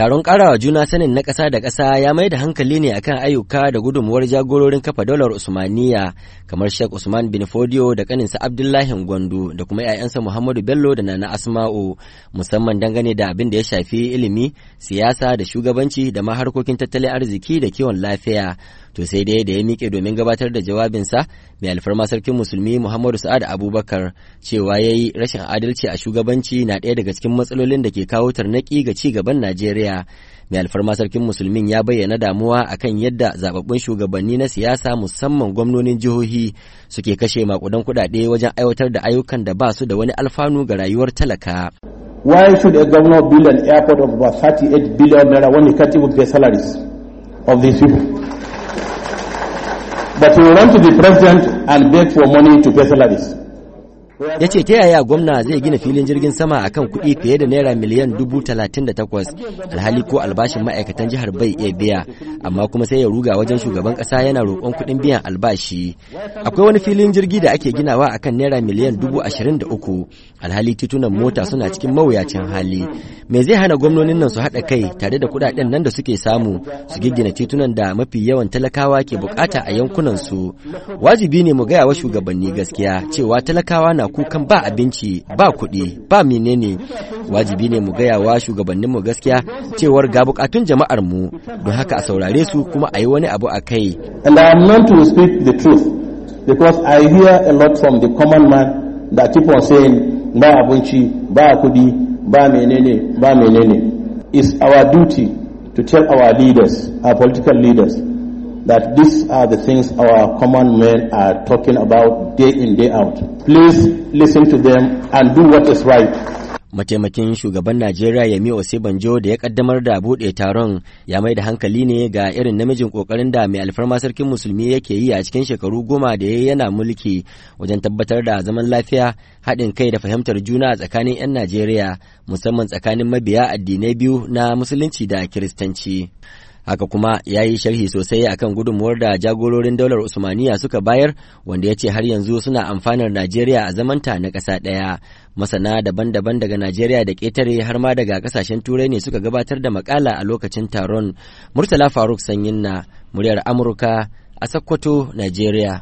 Taron ƙarawa juna sanin na ƙasa da ƙasa ya mai da hankali ne akan ayyuka da gudunmuwar jagororin kafa dalar Usmaniya kamar Sheikh Usman bin Fodio da kaninsa Abdullahi Gwandu da kuma 'ya'yansa Muhammadu Bello da Nana Asma'u musamman dangane da abin da ya shafi ilimi, siyasa da shugabanci da ma harkokin tattalin arziki da kiwon lafiya. to sai dai da ya miƙe domin gabatar da jawabinsa mai alfarma sarkin musulmi muhammadu sa'ad abubakar cewa ya yi rashin adalci a shugabanci na ɗaya daga cikin matsalolin da ke kawo tarnaki ga ci gaban najeriya mai alfarma sarkin musulmin ya bayyana damuwa akan yadda zababbun shugabanni na siyasa musamman gwamnonin jihohi suke kashe makudan kuɗaɗe wajen aiwatar da ayyukan da ba su da wani alfanu ga rayuwar talaka Why should a governor build an airport of about 38 billion naira when he can't even pay salaries of these people? that we want to be president and beg for money to pay salaries. ya ce ta yaya gwamna zai gina filin jirgin sama a kan kuɗi fiye da naira miliyan dubu talatin da takwas alhali ko albashin ma'aikatan jihar bai iya biya amma kuma sai ya ruga wajen shugaban ƙasa yana roƙon kuɗin biyan albashi akwai wani filin jirgi da ake ginawa a kan naira miliyan dubu ashirin da uku alhali titunan mota suna cikin mawuyacin hali me zai hana gwamnonin nan su haɗa kai tare da kuɗaɗen nan da suke samu su giggina titunan da mafi yawan talakawa ke bukata a yankunan su wajibi ne mu gaya wa shugabanni gaskiya cewa talakawa na kukan ba abinci ba kuɗi ba menene wajibi ne mu gaya wa shugabanninmu gaskiya cewar ga bukatun jama'ar mu don haka a saurare su kuma a yi wani abu a kai and i am meant to speak the truth because i hear a lot from the common man that keep on saying ba abinci ba kuɗi ba menene ba menene it's our duty to tell our leaders our political leaders that these are the things our common men are talking about day in, day out. Please listen to them and do what is right. mataimakin shugaban najeriya yami osibanjo da ya kaddamar da buɗe taron ya mai da hankali ne ga irin namijin kokarin da mai alfarma sarkin musulmi yake yi a cikin shekaru goma da ya yana mulki wajen tabbatar da zaman lafiya haɗin kai da fahimtar juna a tsakanin 'yan najeriya musamman tsakanin mabiya addinai biyu na musulunci da kiristanci haka kuma ya yi sharhi sosai akan gudunmuwar da jagororin daular usmaniya suka bayar wanda ya ce har yanzu suna amfanar najeriya a zamanta na ƙasa ɗaya masana daban-daban daga najeriya da ƙetare har ma daga ƙasashen turai ne suka gabatar da makala a lokacin taron murtala faruk sanyin na muryar amurka a sokoto najeriya